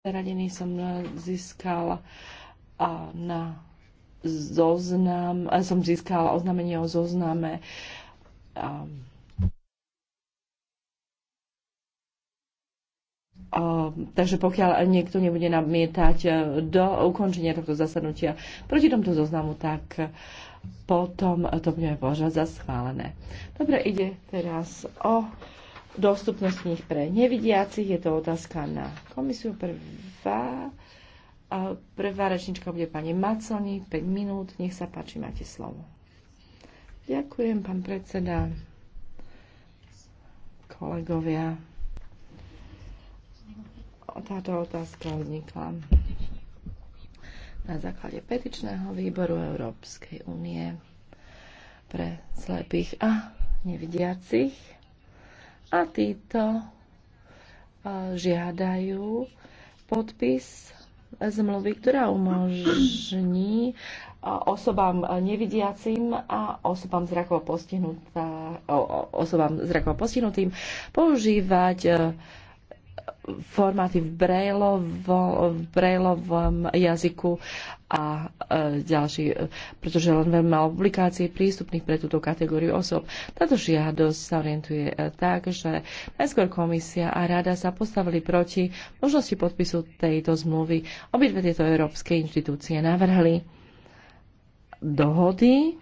zaradený som e, získal e, na zoznam, e, som získal oznámenie o zozname takže pokiaľ niekto nebude namietať do ukončenia tohto zasadnutia proti tomto zoznamu, tak potom to budeme považovať za schválené. Dobre, ide teraz o dostupnosť kníh pre nevidiacich. Je to otázka na komisiu prvá. Prvá rečnička bude pani Maconi, 5 minút. Nech sa páči, máte slovo. Ďakujem, pán predseda, kolegovia. Táto otázka vznikla na základe petičného výboru Európskej únie pre slepých a nevidiacich a títo žiadajú podpis zmluvy, ktorá umožní osobám nevidiacim a osobám zrakovo, postihnutá, osobám zrakovo postihnutým používať formáty v, brailovo, brailovom jazyku a e, ďalší, e, pretože len veľmi malo publikácií prístupných pre túto kategóriu osob. Táto žiadosť sa orientuje e, tak, že najskôr komisia a rada sa postavili proti možnosti podpisu tejto zmluvy. Obidve tieto európske inštitúcie navrhli dohody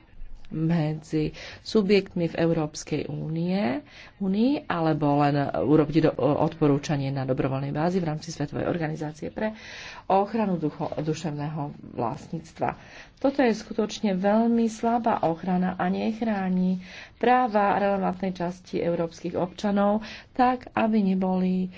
medzi subjektmi v Európskej únie, únii, alebo len e, urobiť do, e, odporúčanie na dobrovoľnej bázi v rámci Svetovej organizácie pre ochranu ducho, duševného vlastníctva. Toto je skutočne veľmi slabá ochrana a nechráni práva relevantnej časti európskych občanov tak, aby neboli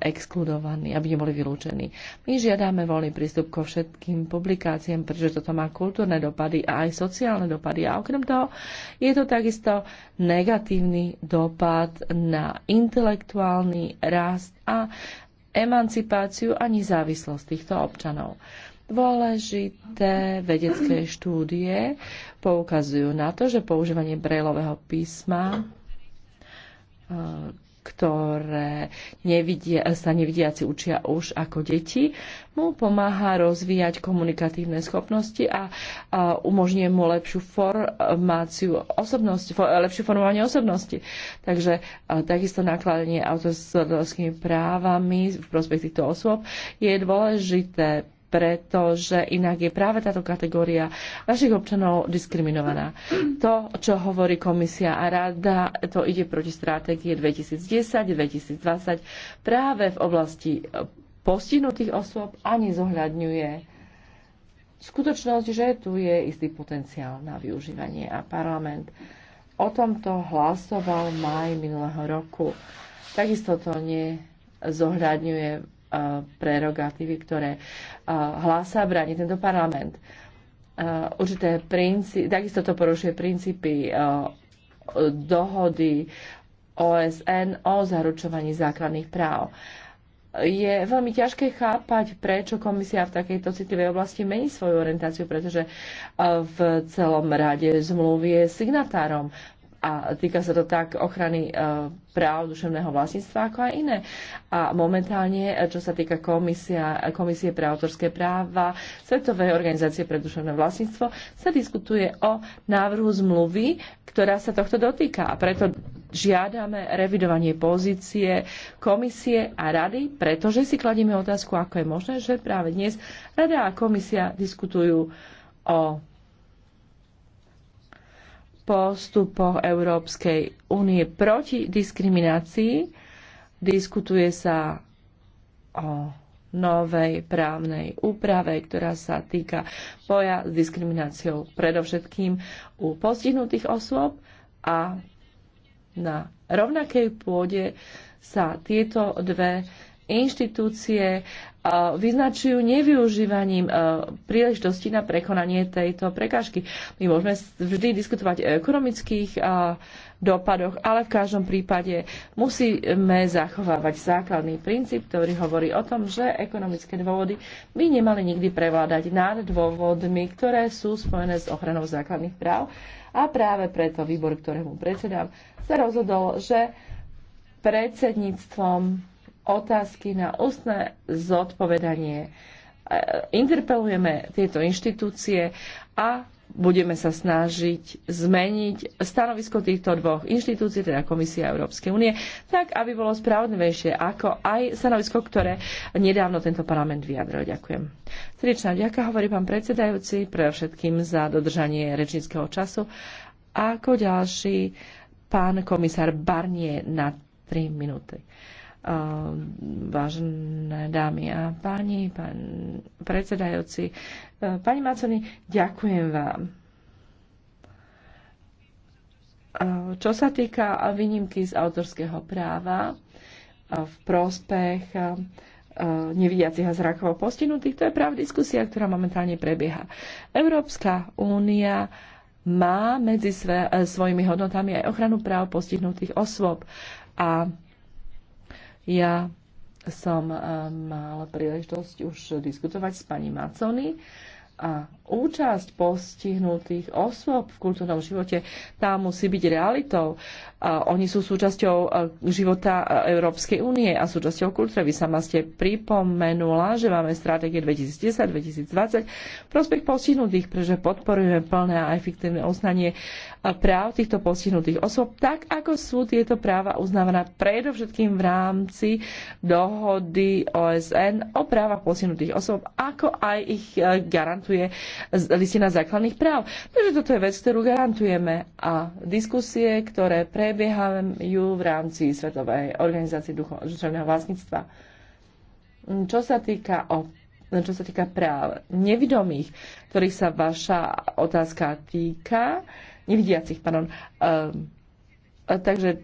exkludovaní, aby neboli vylúčení. My žiadame voľný prístup ko všetkým publikáciám, pretože toto má kultúrne dopady a aj sociálne dopady. A okrem toho je to takisto negatívny dopad na intelektuálny rast a emancipáciu a nezávislosť týchto občanov. Dôležité vedecké štúdie poukazujú na to, že používanie brejlového písma ktoré nevidia, sa nevidiaci učia už ako deti, mu pomáha rozvíjať komunikatívne schopnosti a, a umožňuje mu lepšiu formáciu osobnosti, for, lepšie formovanie osobnosti. Takže a, takisto nakladanie autorskými právami v prospech týchto osôb je dôležité pretože inak je práve táto kategória našich občanov diskriminovaná. To, čo hovorí komisia a rada, to ide proti stratégie 2010-2020 práve v oblasti eh, postihnutých osôb a nezohľadňuje skutočnosť, že tu je istý potenciál na využívanie a parlament o tomto hlasoval maj minulého roku. Takisto to nezohľadňuje prerogatívy, ktoré hlása a bráni tento parlament. Určité princípy, takisto to porušuje princípy dohody OSN o zaručovaní základných práv. Je veľmi ťažké chápať, prečo komisia v takejto citlivej oblasti mení svoju orientáciu, pretože v celom rade zmluvie signatárom a týka sa to tak ochrany e, práv duševného vlastníctva, ako aj iné. A momentálne, e, čo sa týka komisia, e, komisie pre autorské práva Svetovej organizácie pre duševné vlastníctvo, sa diskutuje o návrhu zmluvy, ktorá sa tohto dotýka. A preto žiadame revidovanie pozície komisie a rady, pretože si kladieme otázku, ako je možné, že práve dnes rada a komisia diskutujú o postupoch Európskej únie proti diskriminácii. Diskutuje sa o novej právnej úprave, ktorá sa týka boja s diskrimináciou predovšetkým u postihnutých osôb a na rovnakej pôde sa tieto dve inštitúcie vyznačujú nevyužívaním príležitosti na prekonanie tejto prekážky. My môžeme vždy diskutovať o ekonomických dopadoch, ale v každom prípade musíme zachovávať základný princíp, ktorý hovorí o tom, že ekonomické dôvody by nemali nikdy prevládať nad dôvodmi, ktoré sú spojené s ochranou základných práv. A práve preto výbor, ktorému predsedám, sa rozhodol, že predsedníctvom otázky na ústne zodpovedanie. E, interpelujeme tieto inštitúcie a budeme sa snažiť zmeniť stanovisko týchto dvoch inštitúcií, teda Komisia Európskej únie, tak, aby bolo spravodlivejšie ako aj stanovisko, ktoré nedávno tento parlament vyjadril. Ďakujem. Srdečná ďaká, hovorí pán predsedajúci, všetkým za dodržanie rečníckého času. Ako ďalší, pán komisár Barnie na 3 minúty vážené dámy a páni, pán predsedajúci. Pani Maconi, ďakujem vám. Čo sa týka výnimky z autorského práva v prospech nevidiacich a zrakovo postihnutých, to je práve diskusia, ktorá momentálne prebieha. Európska únia má medzi e, svojimi hodnotami aj ochranu práv postihnutých osôb. A ja som eh, mal príležitosť už diskutovať s pani Macony a účasť postihnutých osôb v kultúrnom živote tá musí byť realitou. A oni sú súčasťou e, života e, Európskej únie a súčasťou kultúry. Vy sama ste pripomenula, že máme stratégie 2010-2020 prospech postihnutých, pretože podporujeme plné a efektívne uznanie e, práv týchto postihnutých osôb, tak ako sú tieto práva uznávané predovšetkým v rámci dohody OSN o právach postihnutých osôb, ako aj ich garantujú garantuje listina základných práv. Takže toto je vec, ktorú garantujeme a diskusie, ktoré prebiehajú v rámci Svetovej organizácie duševného vlastníctva. Čo sa týka o čo sa týka práv nevidomých, ktorých sa vaša otázka týka, nevidiacich, pardon. Ehm, takže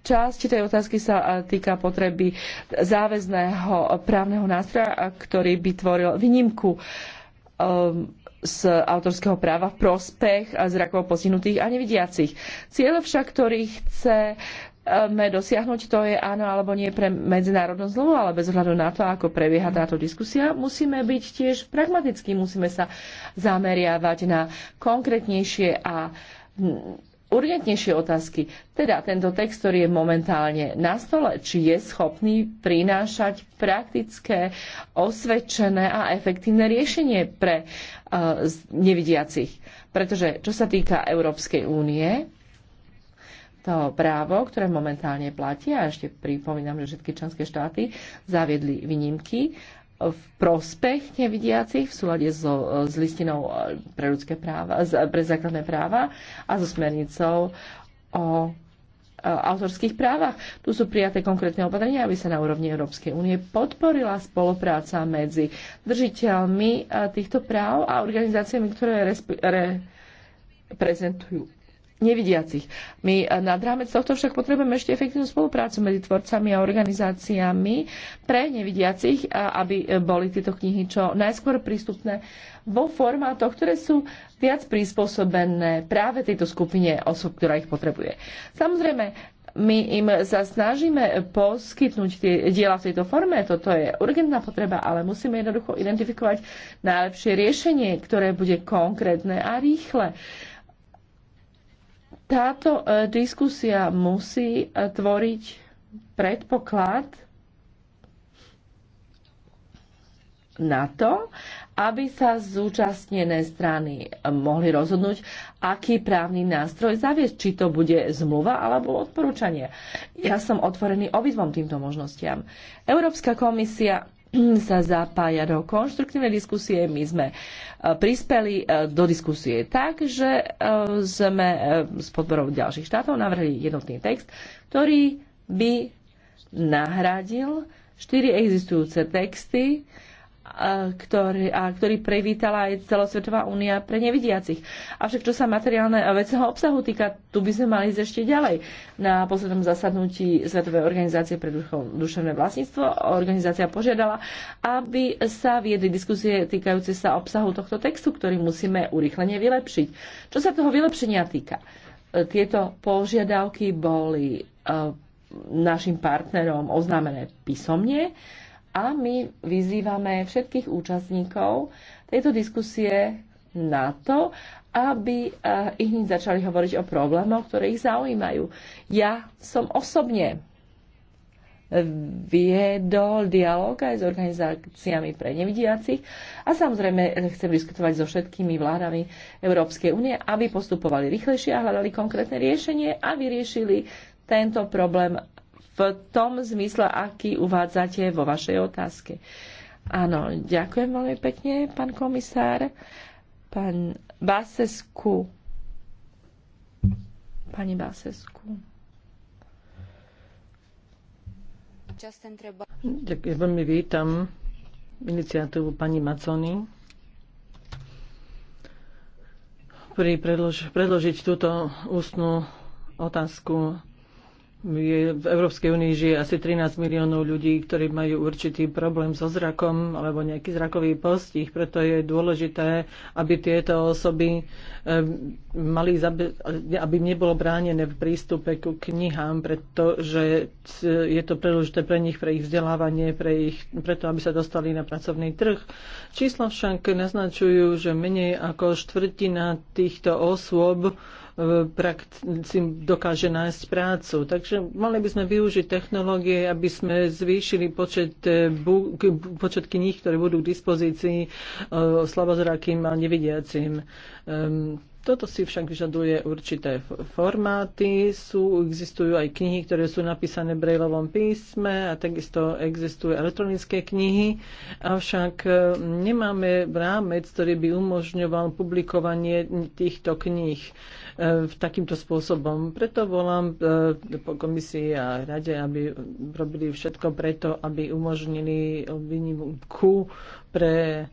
časť tej otázky sa eh, týka potreby záväzného právneho nástroja, ktorý by tvoril výnimku uh, Um, z autorského práva v prospech zrakovo postihnutých a nevidiacich. Cieľ však, ktorý chce chceme um, dosiahnuť, to je áno alebo nie pre medzinárodnú zlovu, ale bez ohľadu na to, ako prebieha táto diskusia, musíme byť tiež pragmatickí, musíme sa zameriavať na konkrétnejšie a urgentnejšie otázky. Teda tento text, ktorý je momentálne na stole, či je schopný prinášať praktické, osvedčené a efektívne riešenie pre uh, nevidiacich. Pretože čo sa týka Európskej únie, to právo, ktoré momentálne platí, a ešte pripomínam, že všetky členské štáty zaviedli výnimky, v prospech nevidiacich v súlade so, s listinou eh, pre, ľudské práva, eh, pre základné práva a so smernicou o eh, autorských právach. Tu sú prijaté konkrétne opatrenia, aby sa na úrovni Európskej únie podporila spolupráca medzi držiteľmi týchto práv a organizáciami, ktoré re, prezentujú nevidiacich. My e, nad rámec tohto však potrebujeme ešte efektívnu spoluprácu medzi tvorcami a organizáciami pre nevidiacich, aby e, boli tieto knihy čo najskôr prístupné vo formátoch, ktoré sú viac prispôsobené práve tejto skupine osob, ktorá ich potrebuje. Samozrejme, my im sa snažíme poskytnúť tie diela v tejto forme, toto je urgentná potreba, ale musíme jednoducho identifikovať najlepšie riešenie, ktoré bude konkrétne a rýchle táto e, diskusia musí e, tvoriť predpoklad na to, aby sa zúčastnené strany e, mohli rozhodnúť, aký právny nástroj zaviesť, či to bude zmluva alebo odporúčanie. Ja som otvorený obidvom týmto možnostiam. Európska komisia sa zapája do konštruktívnej diskusie. My sme e, prispeli e, do diskusie tak, že e, sme s podporou ďalších štátov navrhli jednotný text, ktorý by nahradil štyri existujúce texty, Eh, ktorý, a ktorý privítala aj celosvetová únia pre nevidiacich. Avšak čo sa materiálne a vecného obsahu týka, tu by sme mali ísť ešte ďalej. Na poslednom zasadnutí Svetovej organizácie pre duševné vlastníctvo organizácia požiadala, aby sa viedli diskusie týkajúce sa obsahu tohto textu, ktorý musíme urychlene vylepšiť. Čo sa toho vylepšenia týka? Eh, tieto požiadavky boli eh, našim partnerom oznámené písomne a my vyzývame všetkých účastníkov tejto diskusie na to, aby eh, ich hneď začali hovoriť o problémoch, ktoré ich zaujímajú. Ja som osobne viedol dialog aj s organizáciami pre nevidiacich a samozrejme chcem diskutovať so všetkými vládami Európskej únie, aby postupovali rýchlejšie a hľadali konkrétne riešenie a vyriešili tento problém v tom zmysle, aký uvádzate vo vašej otázke. Áno, ďakujem veľmi pekne, pán komisár. Pán Basesku. Pani Basesku. Ďakujem, veľmi vítam iniciatívu pani Macony pri predlož, predložiť túto ústnu otázku je, v Európskej únii žije asi 13 miliónov ľudí, ktorí majú určitý problém so zrakom alebo nejaký zrakový postih, preto je dôležité, aby tieto osoby eh, mali, aby nebolo bránené v prístupe ku knihám, pretože je to preložité pre nich, pre ich vzdelávanie, pre ich, preto aby sa dostali na pracovný trh. Čísla však naznačujú, že menej ako štvrtina týchto osôb si dokáže nájsť prácu. Takže mali by sme využiť technológie, aby sme zvýšili počet, e, počet kníh, ktoré budú k dispozícii e, slabozrakým a nevidiacim. Ehm, toto si však vyžaduje určité formáty. Sú, existujú aj knihy, ktoré sú napísané v brejlovom písme a takisto existujú elektronické knihy. Avšak e, nemáme rámec, ktorý by umožňoval publikovanie týchto kníh e, v takýmto spôsobom. Preto volám e, po komisii a rade, aby robili všetko preto, aby umožnili výnimku pre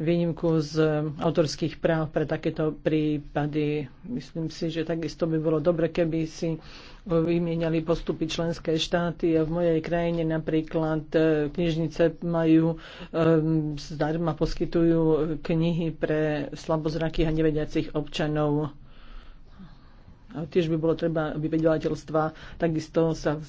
výnimku z um, autorských práv pre takéto prípady. Myslím si, že takisto by bolo dobre, keby si uh, vymieniali postupy členské štáty. A v mojej krajine napríklad uh, knižnice majú, um, zdarma poskytujú knihy pre slabozrakých a nevediacich občanov. Tiež by bolo treba, aby vydavateľstva takisto sa e,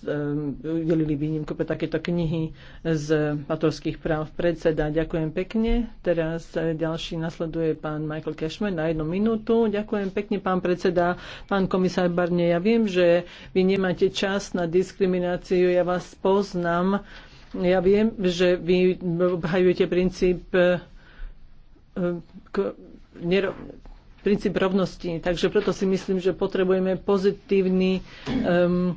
udelili výnimku pre takéto knihy z patrovských práv predseda. Ďakujem pekne. Teraz e, ďalší nasleduje pán Michael Cashman na jednu minútu. Ďakujem pekne, pán predseda, pán komisár Barne. Ja viem, že vy nemáte čas na diskrimináciu. Ja vás poznám. Ja viem, že vy obhajujete princíp e, k, princíp rovnosti. Takže preto si myslím, že potrebujeme pozitívny um,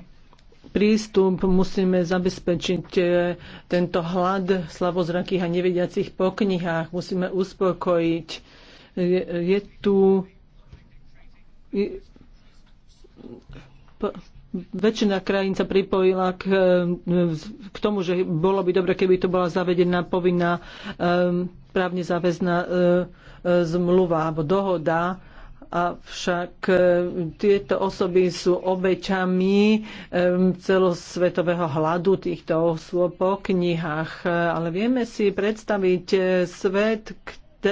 prístup, musíme zabezpečiť e, tento hlad slavozrakých a nevediacich po knihách, musíme uspokojiť. Je, je tu je, po, väčšina krajín sa pripojila k, e, k tomu, že bolo by dobre, keby to bola zavedená povinná um, právne záväzná um, zmluva alebo dohoda, avšak e, tieto osoby sú obeťami e, celosvetového hladu týchto osôb po knihách. E, ale vieme si predstaviť svet,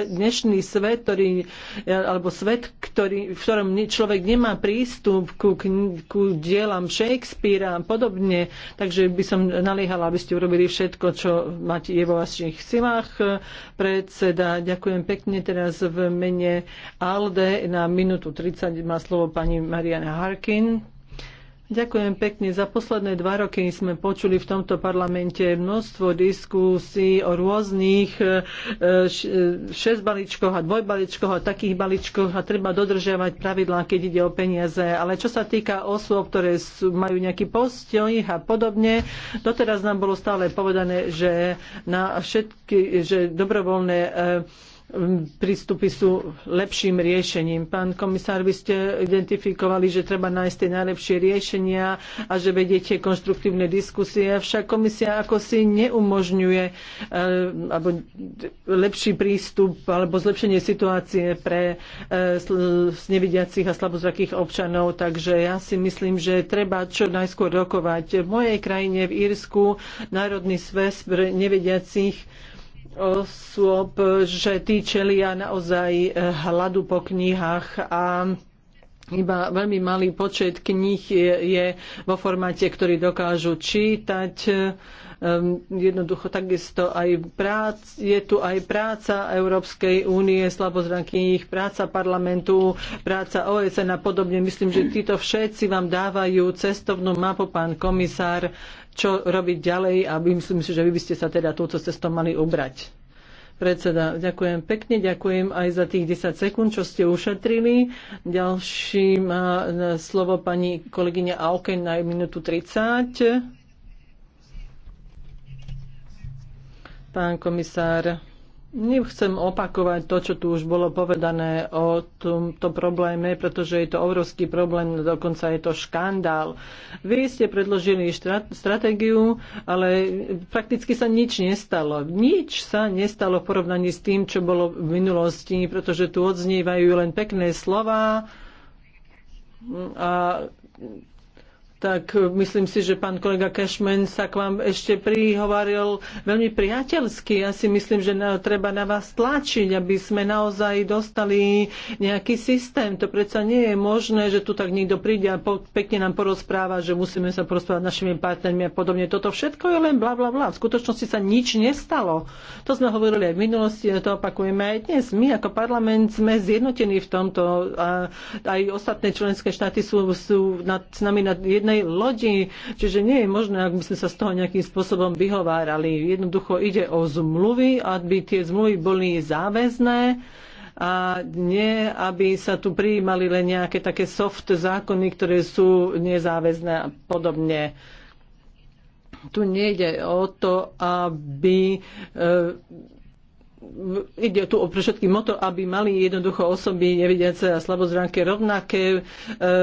dnešný svet, ktorý, alebo svet, ktorý, v ktorom človek nemá prístup ku, ku dielam Shakespearea a podobne. Takže by som naliehala, aby ste urobili všetko, čo máte, je vo vašich silách. Eh, predseda, ďakujem pekne teraz v mene ALDE. Na minútu 30 má slovo pani Mariana Harkin. Ďakujem pekne. Za posledné dva roky sme počuli v tomto parlamente množstvo diskusí o rôznych e, e, šesťbaličkoch a dvojbaličkoch a takých baličkoch a treba dodržiavať pravidlá, keď ide o peniaze. Ale čo sa týka osôb, ktoré majú nejaký postoj a podobne, doteraz nám bolo stále povedané, že na všetky, že dobrovoľné e, prístupy sú lepším riešením. Pán komisár, vy ste identifikovali, že treba nájsť tie najlepšie riešenia a že vediete konštruktívne diskusie. Avšak komisia ako si neumožňuje e, alebo lepší prístup alebo zlepšenie situácie pre e, nevidiacich a slabozrakých občanov. Takže ja si myslím, že treba čo najskôr rokovať. V mojej krajine, v Írsku, Národný sves pre nevidiacich osôb, že tí čelia naozaj hladu po knihách a iba veľmi malý počet kníh je, je vo formáte, ktorý dokážu čítať. Um, jednoducho takisto aj prác, je tu aj práca Európskej únie slabozrakých, práca parlamentu, práca OSN a podobne. Myslím, že títo všetci vám dávajú cestovnú mapu, pán komisár, čo robiť ďalej a myslím si, že vy by ste sa teda touto cestou mali ubrať. Predseda, ďakujem pekne, ďakujem aj za tých 10 sekúnd, čo ste ušetrili. Ďalší má slovo pani kolegyňa Auken na minútu 30. Pán komisár. Nechcem opakovať to, čo tu už bolo povedané o tomto probléme, pretože je to obrovský problém, dokonca je to škandál. Vy ste predložili stratégiu, ale prakticky sa nič nestalo. Nič sa nestalo v porovnaní s tým, čo bolo v minulosti, pretože tu odznievajú len pekné slova a tak e, myslím si, že pán kolega Cashman sa k vám ešte prihovaril veľmi priateľsky. Ja si myslím, že na, treba na vás tlačiť, aby sme naozaj dostali nejaký systém. To predsa nie je možné, že tu tak niekto príde a po, pekne nám porozpráva, že musíme sa porozprávať našimi partnermi a podobne. Toto všetko je len bla bla bla. V skutočnosti sa nič nestalo. To sme hovorili aj v minulosti a to opakujeme aj dnes. My ako parlament sme zjednotení v tomto a aj ostatné členské štáty sú, sú nad, s nami na jednej jednej lodi. Čiže nie je možné, ak by sme sa z toho nejakým spôsobom vyhovárali. Jednoducho ide o zmluvy, aby tie zmluvy boli záväzné a nie, aby sa tu prijímali len nejaké také soft zákony, ktoré sú nezáväzné a podobne. Tu nejde o to, aby e, ide tu o pre všetkým o to, aby mali jednoducho osoby nevidiace a slabozránke rovnaké e,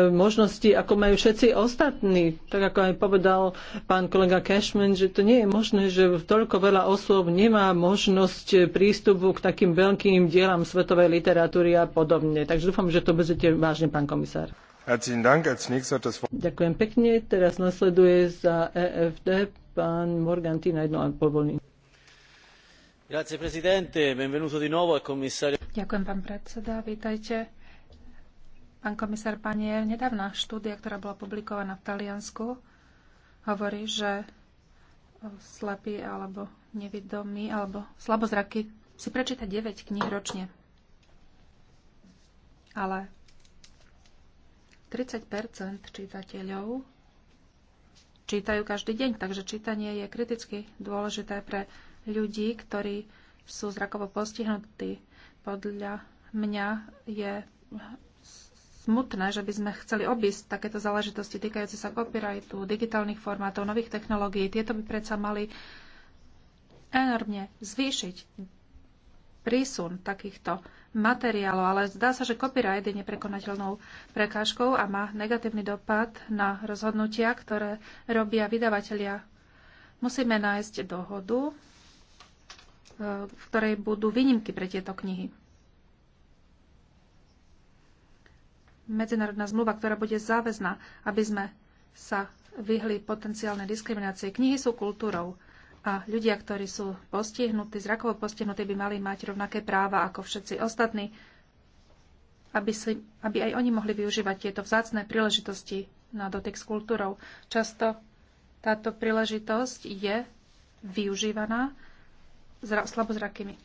možnosti, ako majú všetci ostatní. Tak ako aj povedal pán kolega Cashman, že to nie je možné, že toľko veľa osôb nemá možnosť prístupu k takým veľkým dielam svetovej literatúry a podobne. Takže dúfam, že to budete vážne, pán komisár. Ďakujem pekne. Teraz nasleduje za EFD pán Morgan na jedno a pol Ďakujem, pán predseda. Vítajte. Pán komisár Panier, nedávna štúdia, ktorá bola publikovaná v Taliansku, hovorí, že slepí alebo nevidomí alebo slabozraky si prečíta 9 kníh ročne. Ale 30 čítateľov čítajú každý deň, takže čítanie je kriticky dôležité pre ľudí, ktorí sú zrakovo postihnutí. Podľa mňa je smutné, že by sme chceli obísť takéto záležitosti týkajúce sa copyrightu, digitálnych formátov, nových technológií. Tieto by predsa mali enormne zvýšiť prísun takýchto materiálov, ale zdá sa, že copyright je neprekonateľnou prekážkou a má negatívny dopad na rozhodnutia, ktoré robia vydavatelia. Musíme nájsť dohodu v ktorej budú výnimky pre tieto knihy. Medzinárodná zmluva, ktorá bude záväzná, aby sme sa vyhli potenciálnej diskriminácie. Knihy sú kultúrou a ľudia, ktorí sú postihnutí, zrakovo postihnutí, by mali mať rovnaké práva ako všetci ostatní, aby, si, aby aj oni mohli využívať tieto vzácné príležitosti na dotyk s kultúrou. Často táto príležitosť je využívaná zra- slabozrakými.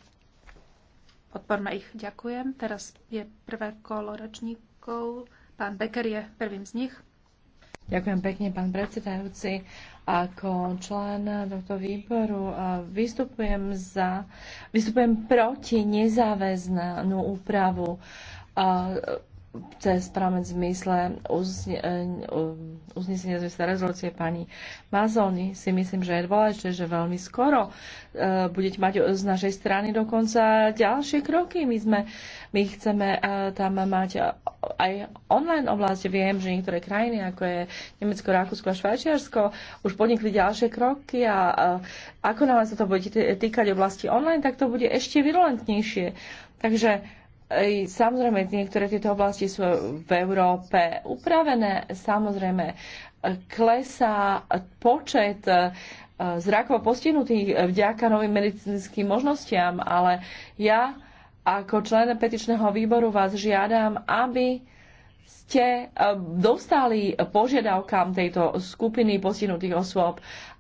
Odporme ich ďakujem. Teraz je prvé kolo ročníkov. Pán Becker je prvým z nich. Ďakujem pekne, pán predsedajúci. Ako člen tohto výboru vystupujem, za, vystupujem proti nezáväznú úpravu cez práve zmysle e, uznesenia zmysle rezolúcie pani Mazoni si myslím, že je dôležité, že veľmi skoro e, budete mať z našej strany dokonca ďalšie kroky. My, sme, my chceme e, tam mať aj online oblasť. Viem, že niektoré krajiny, ako je Nemecko, Rakúsko a Švajčiarsko, už podnikli ďalšie kroky a ako nám sa to bude týkať oblasti online, tak to bude ešte virulentnejšie. Takže Samozrejme, niektoré tieto oblasti sú v Európe upravené. Samozrejme, klesá počet e, zrakovo postihnutých e, vďaka novým medicínskym možnostiam, ale ja ako člen petičného výboru vás žiadam, aby ste e, dostali požiadavkám tejto skupiny postihnutých osôb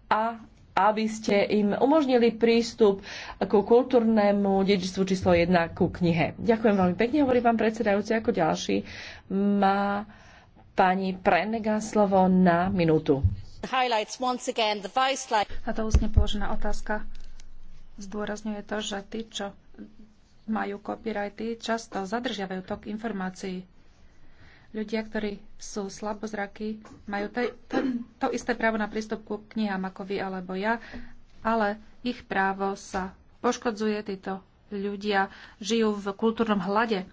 a aby ste im umožnili prístup ku kultúrnemu dedičstvu číslo 1 ku knihe. Ďakujem veľmi pekne, hovorí pán predsedajúci. Ako ďalší má pani Prenega slovo na minútu. A to položená otázka zdôrazňuje to, že tí, čo majú copyrighty, často zadržiavajú tok informácií Ľudia, ktorí sú slabozraky, majú to, to, to isté právo na prístup ku knihám ako vy alebo ja, ale ich právo sa poškodzuje, títo ľudia žijú v kultúrnom hlade.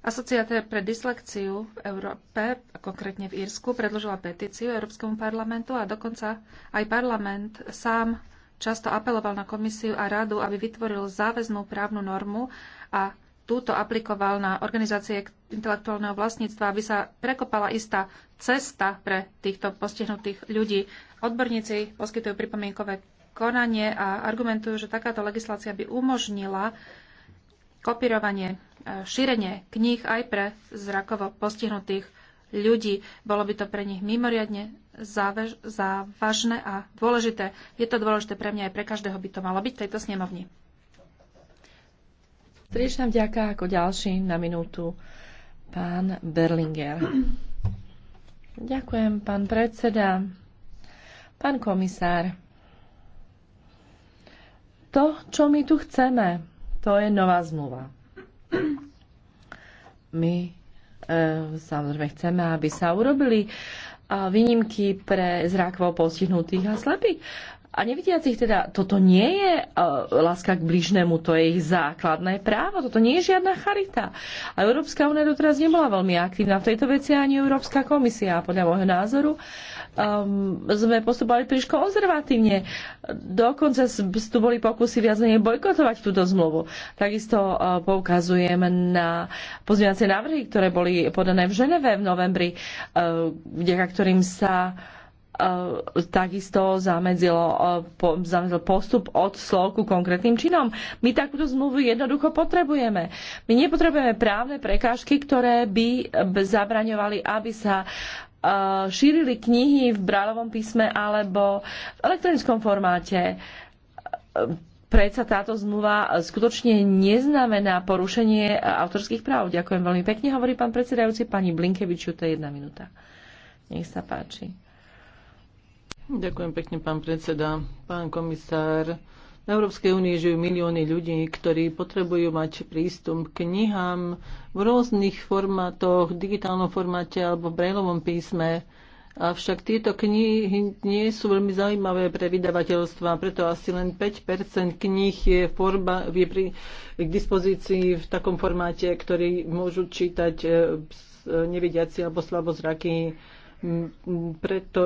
Asociácia pre dyslekciu v Európe, konkrétne v Írsku, predložila petíciu Európskemu parlamentu a dokonca aj parlament sám často apeloval na komisiu a radu, aby vytvoril záväznú právnu normu a túto aplikoval na organizácie intelektuálneho vlastníctva, aby sa prekopala istá cesta pre týchto postihnutých ľudí. Odborníci poskytujú pripomienkové konanie a argumentujú, že takáto legislácia by umožnila kopírovanie, e, šírenie kníh aj pre zrakovo postihnutých ľudí. Bolo by to pre nich mimoriadne závažné a dôležité. Je to dôležité pre mňa aj pre každého by to malo byť v tejto snemovni. Striečná vďaka ako ďalší na minútu pán Berlinger. Ďakujem, pán predseda. Pán komisár, to, čo my tu chceme, to je nová zmluva. My e, samozrejme chceme, aby sa urobili a výnimky pre zrakovo postihnutých a slepých a nevidiacich teda, toto nie je uh, láska k blížnemu, to je ich základné právo, toto nie je žiadna charita. A Európska únia doteraz nebola veľmi aktívna v tejto veci ani Európska komisia. Podľa môjho názoru um, sme postupovali príliš konzervatívne. Dokonca tu boli pokusy viac menej bojkotovať túto zmluvu. Takisto uh, poukazujem na pozmeňovacie návrhy, ktoré boli podané v Ženeve v novembri, uh, vďaka ktorým sa uh, E, takisto zamedzilo, e, zamedzil postup od slov ku konkrétnym činom. My takúto zmluvu jednoducho potrebujeme. My nepotrebujeme právne prekážky, ktoré by zabraňovali, aby sa e, šírili knihy v brálovom písme alebo v elektronickom formáte. Predsa táto zmluva skutočne neznamená porušenie autorských práv. Ďakujem veľmi pekne, hovorí pán predsedajúci. Pani Blinkeviču, to je jedna minúta. Nech sa páči. Ďakujem pekne, pán predseda, pán komisár. V Európskej únii žijú milióny ľudí, ktorí potrebujú mať prístup k knihám v rôznych formátoch, v digitálnom formáte alebo v brailovom písme. Avšak tieto knihy nie sú veľmi zaujímavé pre vydavateľstva, preto asi len 5 kníh je, forma, je pri, k dispozícii v takom formáte, ktorý môžu čítať eh, eh, nevidiaci alebo slabozraky. Preto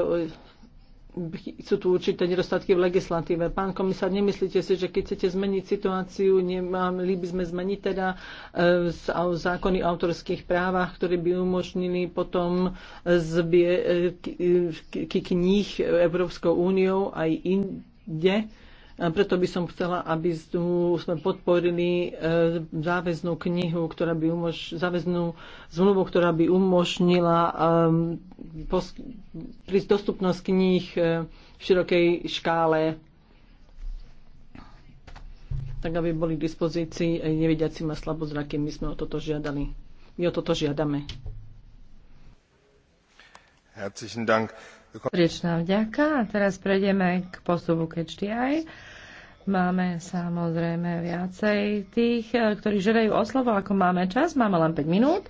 sú tu určité nedostatky v legislatíve. Pán komisár, nemyslíte si, že keď chcete zmeniť situáciu, nemali by sme zmeniť teda zákony o autorských právach, ktoré by umožnili potom zbie kníh Európskou úniou aj inde? Preto by som chcela, aby sme podporili e, záväznú knihu, ktorá by umož... záväznú zmluvu, ktorá by umožnila e, pos... prísť dostupnosť kníh e, v širokej škále tak aby boli k dispozícii aj nevidiacim a slabozrakým. My sme o toto žiadali. My o toto žiadame. Herzlichen Dank. Riečná vďaka. A teraz prejdeme k postupu KHDI. Máme samozrejme viacej tých, eh, ktorí žiadajú o slovo, ako máme čas. Máme len 5 minút.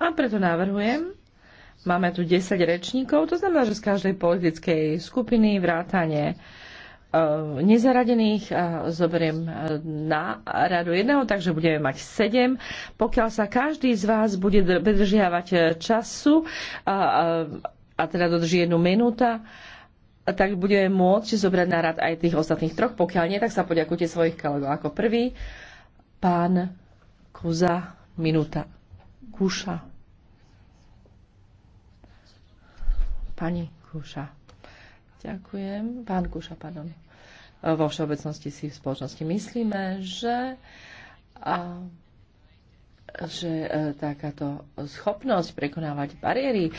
A preto navrhujem, máme tu 10 rečníkov, to znamená, že z každej politickej skupiny vrátane eh, nezaradených zoberiem eh, na radu jedného, takže budeme mať 7. Pokiaľ sa každý z vás bude držiavať času, a teda dodrží jednu minúta, tak budeme môcť zobrať na rad aj tých ostatných troch. Pokiaľ nie, tak sa poďakujte svojich kolegov. Ako prvý, pán Kuza, minúta. Kuša. Pani Kuša. Ďakujem. Pán Kuša, pardon. Vo všeobecnosti si v spoločnosti myslíme, že a že e, takáto schopnosť prekonávať bariéry e,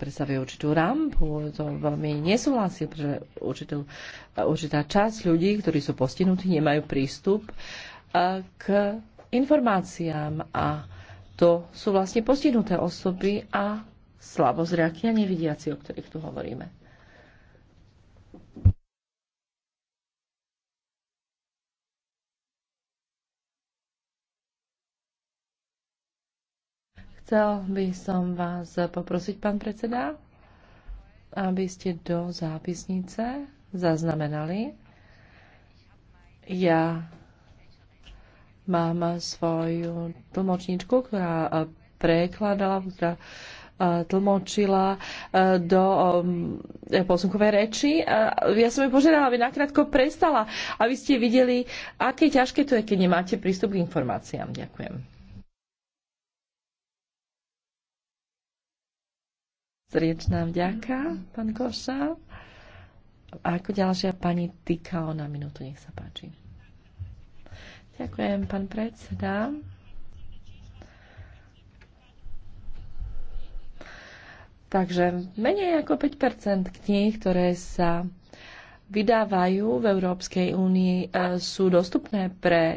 predstavuje určitú rampu. To veľmi nesúhlasí, pretože určitú, e, určitá časť ľudí, ktorí sú postihnutí, nemajú prístup k informáciám a to sú vlastne postihnuté osoby a slabozriaky a nevidiaci, o ktorých tu hovoríme. Chcel by som vás poprosiť, pán predseda, aby ste do zápisnice zaznamenali. Ja mám svoju tlmočníčku, ktorá eh, prekladala, ktorá eh, tlmočila eh, do posunkovej reči. Ja som ju požiadala, aby nakrátko prestala, aby ste videli, aké ťažké to je, keď nemáte prístup k informáciám. Ďakujem. Srdečná vďaka, pán Koša. A ako ďalšia pani Tykao na minútu, nech sa páči. Ďakujem, pán predseda. Takže menej ako 5 kníh, ktoré sa vydávajú v Európskej únii, e, sú dostupné pre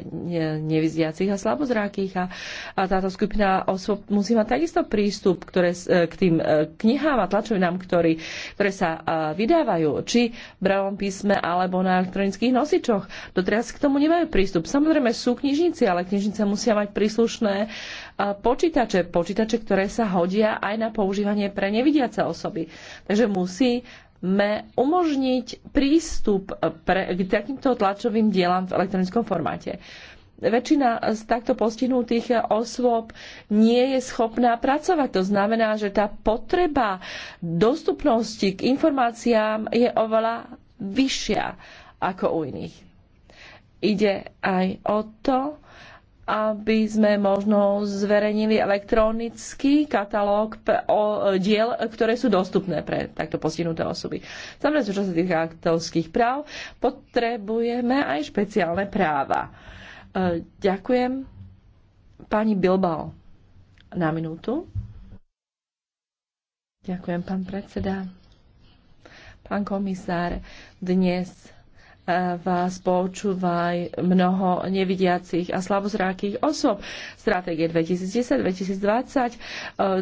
nevidiacich a slabozrákých a, táto skupina osôb musí mať takisto prístup ktoré, e, k tým e, knihám a tlačovinám, ktorý, ktoré sa vydávajú, či v bravom písme alebo na elektronických nosičoch. Doteraz k tomu nemajú prístup. Samozrejme sú knižníci, ale knižnice musia mať príslušné počítače, počítače, ktoré sa hodia aj na používanie pre nevidiace osoby. Takže musí me umožniť prístup pre, k takýmto tlačovým dielam v elektronickom formáte. Väčšina z takto postihnutých osôb nie je schopná pracovať. To znamená, že tá potreba dostupnosti k informáciám je oveľa vyššia ako u iných. Ide aj o to, aby sme možno zverejnili elektronický katalóg o diel, ktoré sú dostupné pre takto postihnuté osoby. Samozrejme, čo sa týka aktorských práv, potrebujeme aj špeciálne práva. E, ďakujem. Pani Bilbao, na minútu. Ďakujem, pán predseda. Pán komisár, dnes vás počúvaj mnoho nevidiacich a slabozrákých osob. Stratégie 2010-2020 e,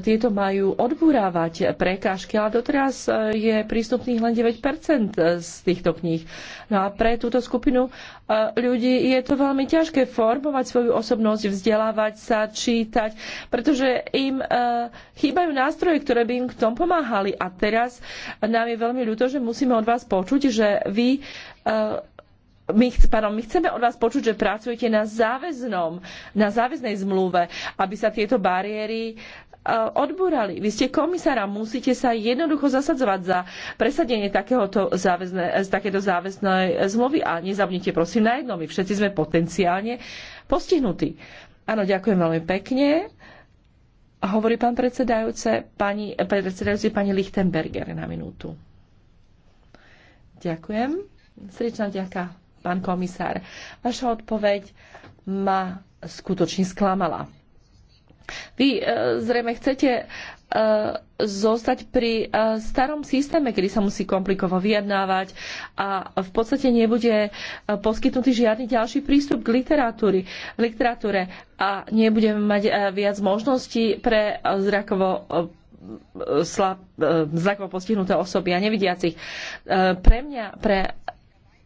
tieto majú odburávať prekážky, ale doteraz e, je prístupných len 9 e, z týchto kníh. No a pre túto skupinu ľudí je to veľmi ťažké formovať svoju osobnosť, vzdelávať sa, čítať, pretože im chýbajú nástroje, ktoré by im k tomu pomáhali. A teraz nám je veľmi ľúto, že musíme od vás počuť, že vy Eh, my, pardon, my chceme od vás počuť, že pracujete na záväznom, na záväznej zmluve, aby sa tieto bariéry eh, odbúrali. Vy ste komisára, musíte sa jednoducho zasadzovať za presadenie takéhoto záväzne, eh, takéto záväznej zmluvy a nezabudnite prosím na jedno, my všetci sme potenciálne postihnutí. Áno, ďakujem veľmi pekne. Hovorí pán predsedajúce, pani, predsedajúce, pani Lichtenberger na minútu. Ďakujem. Srdečná ďaká, pán komisár. Vaša odpoveď ma skutočne sklamala. Vy e, zrejme chcete e, zostať pri e, starom systéme, kedy sa musí komplikovo vyjednávať a v podstate nebude e, poskytnutý žiadny ďalší prístup k literatúry, literatúre a nebudeme mať e, viac možností pre e, zrakovo e, e slab, e, zrakovo postihnuté osoby a nevidiacich. Pre mňa, pre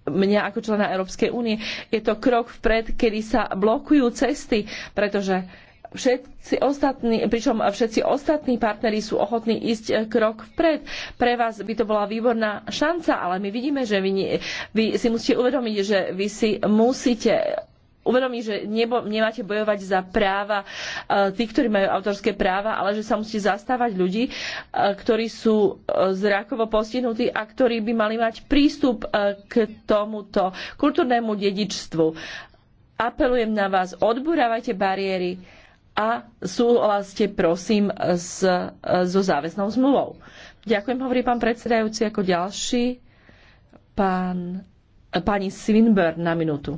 mňa ako člena Európskej únie. Je to krok vpred, kedy sa blokujú cesty, pretože všetci ostatní, pričom všetci ostatní partneri sú ochotní ísť e, krok vpred. Pre vás by to bola výborná šanca, ale my vidíme, že vy, nie, vy si musíte uvedomiť, že vy si musíte uvedomí, že nebo, nemáte bojovať za práva e, tých, ktorí majú autorské práva, ale že sa musíte zastávať ľudí, e, ktorí sú e, zrakovo postihnutí a ktorí by mali mať prístup k tomuto kultúrnemu dedičstvu. Apelujem na vás, odburávajte bariéry a súhlaste prosím s, so záväznou zmluvou. Ďakujem, hovorí pán predsedajúci, ako ďalší pán, pani Svinburn na minútu.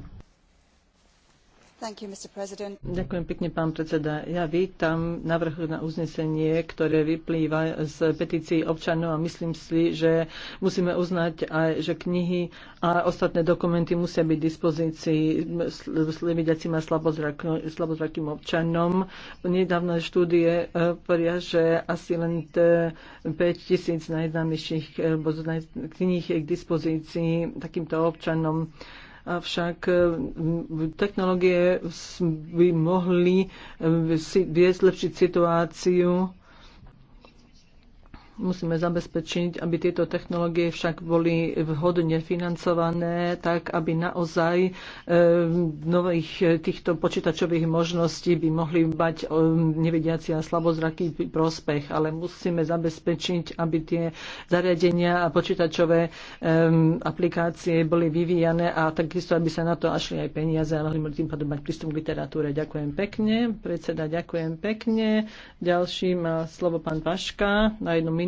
Ďakujem pekne, pán predseda. Ja vítam návrh na uznesenie, ktoré vyplýva z petícií občanov a myslím si, že musíme uznať aj, že knihy a ostatné dokumenty musia byť v dispozícii slievidiacim a slabozrakým občanom. Nedávne štúdie povedia, e, že asi len 5 e, tisíc najznámejších e, kníh je k dispozícii takýmto občanom avšak e, technológie by mohli e, viesť lepšiť situáciu Musíme zabezpečiť, aby tieto technológie však boli vhodne financované, tak aby naozaj e, nových e, týchto počítačových možností by mohli mať e, nevediaci a slabozraký prospech, ale musíme zabezpečiť, aby tie zariadenia a počítačové aplikácie boli vyvíjane a takisto, aby sa na to našli aj peniaze a mohli tým pádom mať prístup k literatúre. Ďakujem pekne. Predseda, ďakujem pekne. Ďalší má slovo pán Paška na jednu minútu.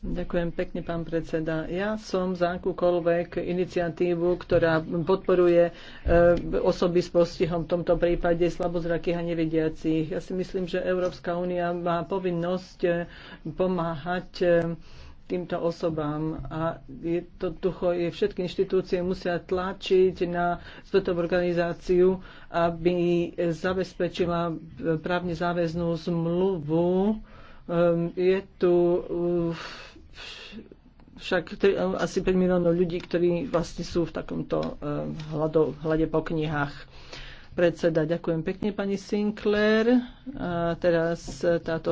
Ďakujem pekne, pán predseda. Ja som za akúkoľvek iniciatívu, ktorá podporuje e, osoby s postihom, v tomto prípade slabozrakých a nevidiacich. Ja si myslím, že Európska únia má povinnosť e, pomáhať e, týmto osobám. A je to ducho, je, všetky inštitúcie musia tlačiť na svetovú organizáciu, aby zabezpečila právne záväznú zmluvu. Ehm, je tu však eh, asi 5 miliónov ľudí, ktorí vlastne sú v takomto hľado, eh, hľade po knihách. Predseda, ďakujem pekne pani Sinclair. A eh, teraz táto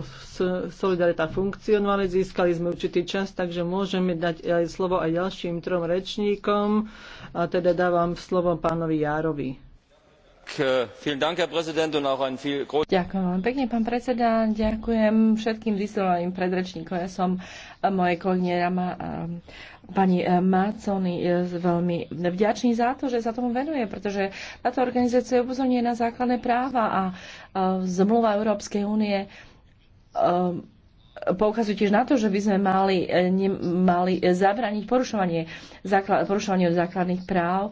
solidarita funkcionovala. No získali sme určitý čas, takže môžeme dať aj slovo aj ďalším trom rečníkom. A teda dávam slovo pánovi Járovi. Ďakujem pekne, pán predseda. Ďakujem všetkým vysilovým predrečníkom. Ja som eh, mojej kolegyne Rama, eh, pani eh, Maconi veľmi vďačný za to, že sa tomu venuje, pretože táto organizácia upozorňuje na základné práva a zmluva Európskej únie poukazujú tiež na to, že by sme mali, ne, mali zabrániť porušovanie, základ, porušovanie základných práv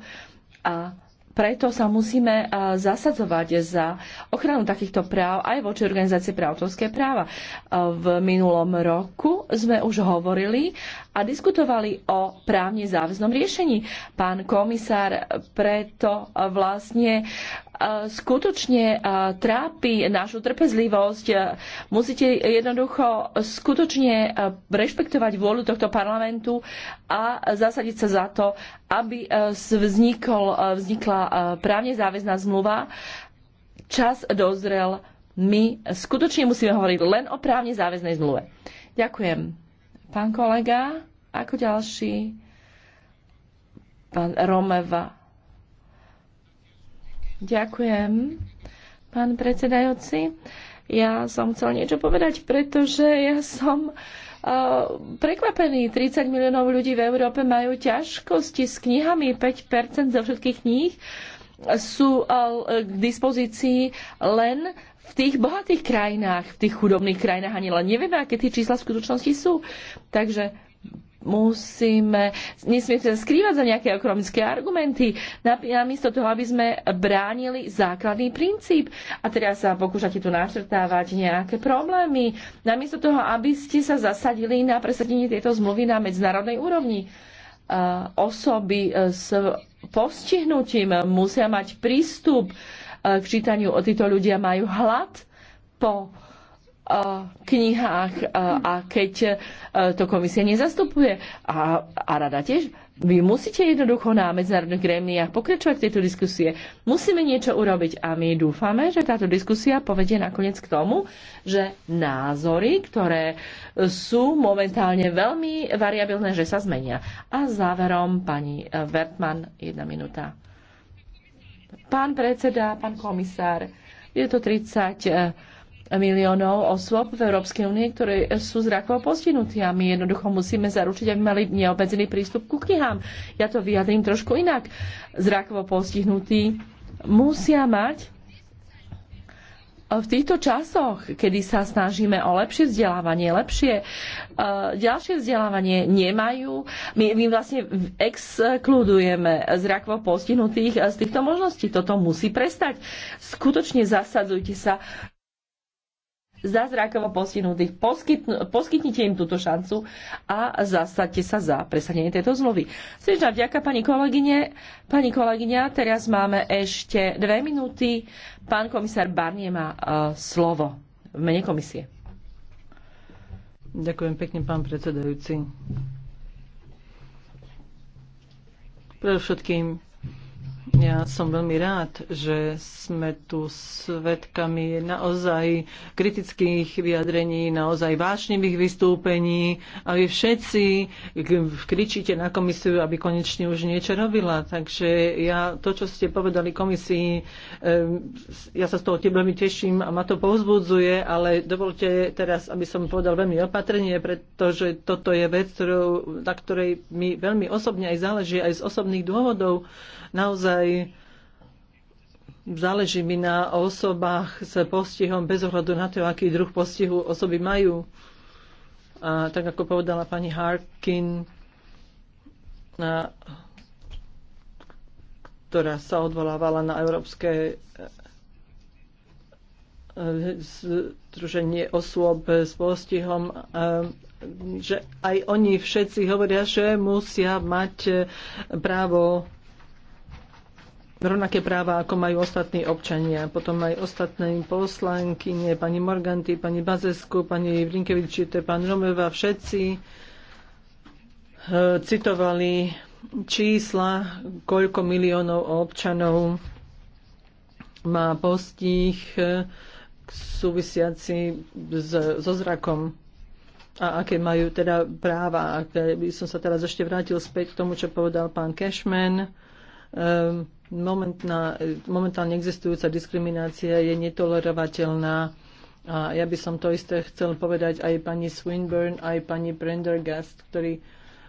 a preto sa musíme e, zasadzovať za ochranu takýchto práv aj voči organizácie pre autorské práva. E, v minulom roku sme už hovorili a diskutovali o právne záväznom riešení. Pán komisár preto vlastne Eh, skutočne eh, trápi našu trpezlivosť. Musíte jednoducho skutočne eh, rešpektovať vôľu tohto parlamentu a zasadiť sa za to, aby vznikol, vznikla právne záväzná zmluva. Čas dozrel. My skutočne musíme hovoriť len o právne záväznej zmluve. Ďakujem. Pán kolega, ako ďalší? Pán Romeva Ďakujem, pán predsedajúci. Ja som chcel niečo povedať, pretože ja som uh, prekvapený. 30 miliónov ľudí v Európe majú ťažkosti s knihami, 5% zo všetkých kníh sú uh, k dispozícii len v tých bohatých krajinách, v tých chudobných krajinách ani len nevieme, aké tie čísla v skutočnosti sú. Takže musíme, nesmieme skrývať za nejaké ekonomické argumenty, namiesto toho, aby sme bránili základný princíp. A teraz sa pokúšate tu naštrtávať nejaké problémy, namiesto toho, aby ste sa zasadili na presadenie tejto zmluvy na medzinárodnej úrovni. Osoby e, s postihnutím musia mať prístup e, k čítaniu, títo ľudia majú hlad po knihách a keď e, to komisia nezastupuje a, a rada tiež. Vy musíte jednoducho na medzinárodných grémiách pokračovať tieto diskusie. Musíme niečo urobiť a my dúfame, že táto diskusia povedie nakoniec k tomu, že názory, ktoré sú momentálne veľmi variabilné, že sa zmenia. A záverom pani Vertman, jedna minúta. Pán predseda, pán komisár, je to 30 miliónov osôb v Európskej únie, ktoré sú zrakovo postihnutí a my jednoducho musíme zaručiť, aby mali neobmedzený prístup ku knihám. Ja to vyjadrím trošku inak. Zrakovo postihnutí musia mať v týchto časoch, kedy sa snažíme o lepšie vzdelávanie, lepšie eh, ďalšie vzdelávanie nemajú, my, my vlastne exkludujeme zrakvo postihnutých z týchto možností. Toto musí prestať. Skutočne zasadzujte sa zázrakovo postihnutých. poskytnite im túto šancu a zastaďte sa za presadenie tejto zmluvy. Srdečná vďaka pani kolegyne. Pani kolegyňa, teraz máme ešte dve minúty. Pán komisár Barnie má uh, slovo v mene komisie. Ďakujem pekne, pán predsedajúci. všetkým ja som veľmi rád, že sme tu svetkami naozaj kritických vyjadrení, naozaj vášnivých vystúpení a vy všetci kričíte na komisiu, aby konečne už niečo robila. Takže ja to, čo ste povedali komisii, ja sa z toho veľmi teším a ma to povzbudzuje, ale dovolte teraz, aby som povedal veľmi opatrenie, pretože toto je vec, ktorou, na ktorej mi veľmi osobne aj záleží, aj z osobných dôvodov. Naozaj naozaj záleží mi na osobách s postihom bez ohľadu na to, aký druh postihu osoby majú. A tak ako povedala pani Harkin, na, ktorá sa odvolávala na európske e, združenie osôb s postihom, že aj oni všetci hovoria, že musia mať právo rovnaké práva, ako majú ostatní občania. Potom aj ostatné nie, pani Morganti, pani Bazesku, pani Vrinkevičite, pán Romeva, všetci eh, citovali čísla, koľko miliónov občanov má postih eh, súvisiaci s, so zrakom a aké majú teda práva. A by som sa teraz ešte vrátil späť k tomu, čo povedal pán Cashman. Um, momentná, momentálne existujúca diskriminácia je netolerovateľná. A ja by som to isté chcel povedať aj pani Swinburne, aj pani Prendergast, ktorí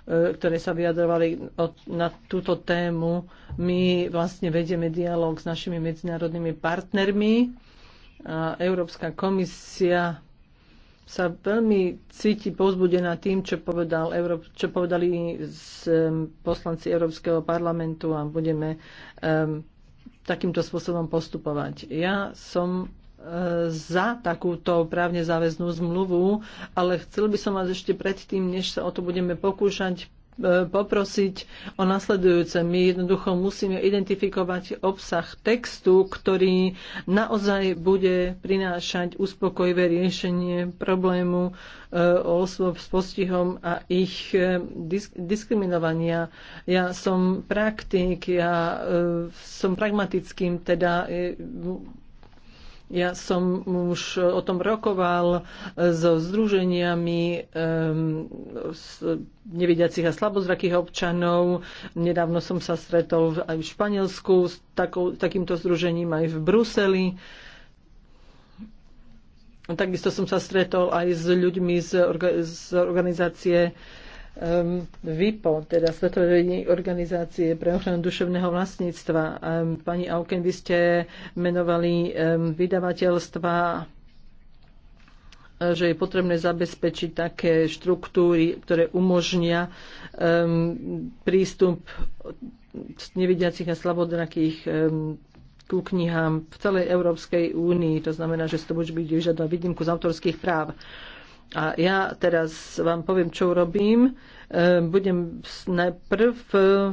e, ktoré sa vyjadrovali na túto tému. My vlastne vedieme dialog s našimi medzinárodnými partnermi. A Európska komisia sa veľmi cíti povzbudená tým, čo, povedal Euró- čo povedali z, um, poslanci Európskeho parlamentu a budeme um, takýmto spôsobom postupovať. Ja som e, za takúto právne záväznú zmluvu, ale chcel by som vás ešte predtým, než sa o to budeme pokúšať, poprosiť o nasledujúce. My jednoducho musíme identifikovať obsah textu, ktorý naozaj bude prinášať uspokojivé riešenie problému e, osôb s postihom a ich e, disk- diskriminovania. Ja som praktik, ja e, som pragmatickým, teda ja som už o tom rokoval so združeniami nevidiacich a slabozrakých občanov. Nedávno som sa stretol aj v Španielsku s takýmto združením aj v Bruseli. Takisto som sa stretol aj s ľuďmi z organizácie um, VIPO, teda Svetovej organizácie pre ochranu duševného vlastníctva. Um, pani Auken, vy ste menovali um, vydavateľstva eh, že je potrebné zabezpečiť také štruktúry, ktoré umožnia um, prístup nevidiacich a slabodrakých um, ku knihám v celej Európskej únii. To znamená, že z to môže byť vyžadovať výnimku z autorských práv. Um, a ja teraz vám poviem, čo urobím. E, budem najprv e,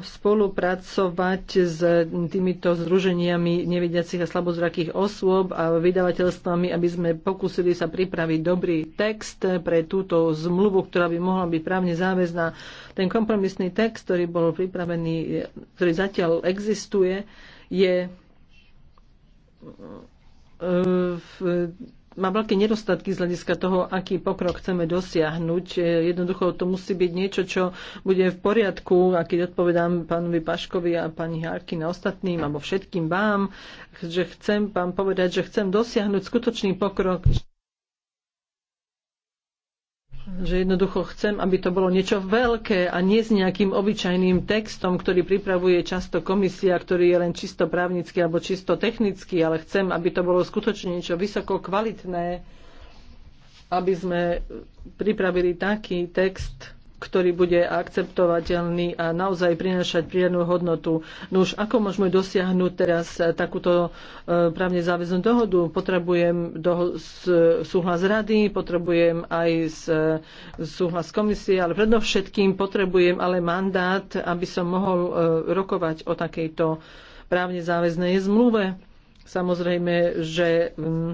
spolupracovať s týmito združeniami nevidiacich a slabozrakých osôb a vydavateľstvami, aby sme pokúsili sa pripraviť dobrý text pre túto zmluvu, ktorá by mohla byť právne záväzná. Ten kompromisný text, ktorý bol pripravený, e, ktorý zatiaľ existuje, je v má veľké nedostatky z hľadiska toho, aký pokrok chceme dosiahnuť. E, jednoducho to musí byť niečo, čo bude v poriadku, a keď odpovedám pánovi Paškovi a pani Harkin na ostatným, alebo všetkým vám, že chcem vám povedať, že chcem dosiahnuť skutočný pokrok že jednoducho chcem, aby to bolo niečo veľké a nie s nejakým obyčajným textom, ktorý pripravuje často komisia, ktorý je len čisto právnický alebo čisto technický, ale chcem, aby to bolo skutočne niečo vysoko kvalitné, aby sme pripravili taký text, ktorý bude akceptovateľný a naozaj prinášať pridanú hodnotu. No už ako môžeme dosiahnuť teraz eh, takúto eh, právne záväznú dohodu? Potrebujem doho- súhlas rady, potrebujem aj eh, súhlas komisie, ale predovšetkým potrebujem ale mandát, aby som mohol rokovať o takejto právne záväznej zmluve. Samozrejme, že mm,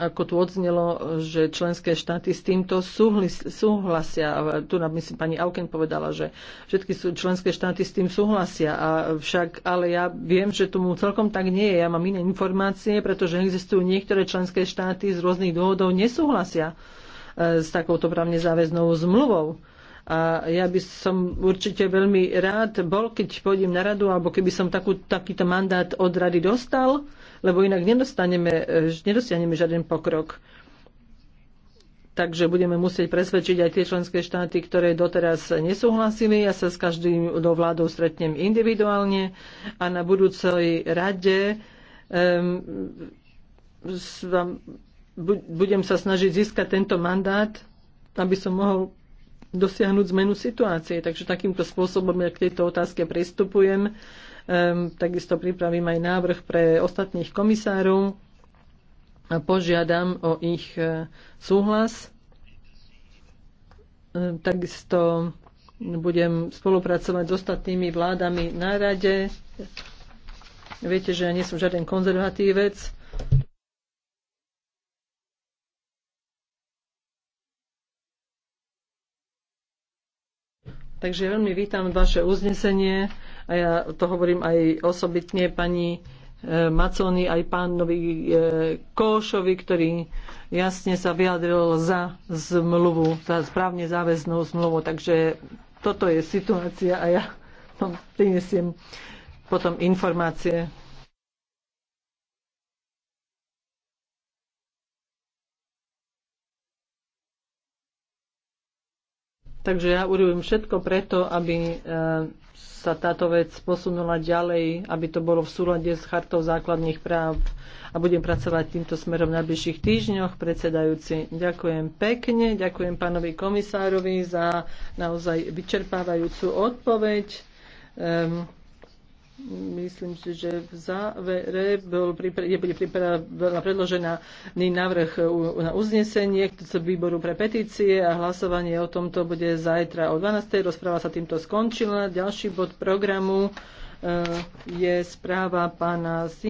ako tu odznelo, že členské štáty s týmto súhlasia. Tu nám myslím pani Auken povedala, že všetky sú, členské štáty s tým súhlasia. A však, ale ja viem, že tomu celkom tak nie je. Ja mám iné informácie, pretože existujú niektoré členské štáty z rôznych dôvodov nesúhlasia e, s takouto právne záväznou zmluvou. A ja by som určite veľmi rád bol, keď pôjdem na radu, alebo keby som takú, takýto mandát od rady dostal, lebo inak nedostaneme, e, nedosiahneme žiaden pokrok takže budeme musieť presvedčiť aj tie členské štáty, ktoré doteraz nesúhlasili. Ja sa s každým do vládou stretnem individuálne a na budúcej rade um, budem sa snažiť získať tento mandát, aby som mohol dosiahnuť zmenu situácie. Takže takýmto spôsobom ja k tejto otázke pristupujem. Ehm, takisto pripravím aj návrh pre ostatných komisárov a požiadam o ich e, súhlas. Ehm, takisto budem spolupracovať s ostatnými vládami na rade. Viete, že ja nie som žiaden konzervatívec. Takže veľmi vítam vaše uznesenie a ja to hovorím aj osobitne pani e, Macony aj pánovi e, Košovi, ktorý jasne sa vyjadril za zmluvu, za správne záväznú zmluvu. Takže toto je situácia a ja vám prinesiem potom informácie. Takže ja urobím všetko preto, aby e, sa táto vec posunula ďalej, aby to bolo v súlade s chartou základných práv a budem pracovať týmto smerom v najbližších týždňoch. Predsedajúci, ďakujem pekne, ďakujem pánovi komisárovi za naozaj vyčerpávajúcu odpoveď. Um, myslím si, že v závere bol pripre, bude pripravená predložený návrh na uznesenie k výboru pre petície a hlasovanie o tomto bude zajtra o 12. Rozpráva sa týmto skončila. Ďalší bod programu e, je správa pána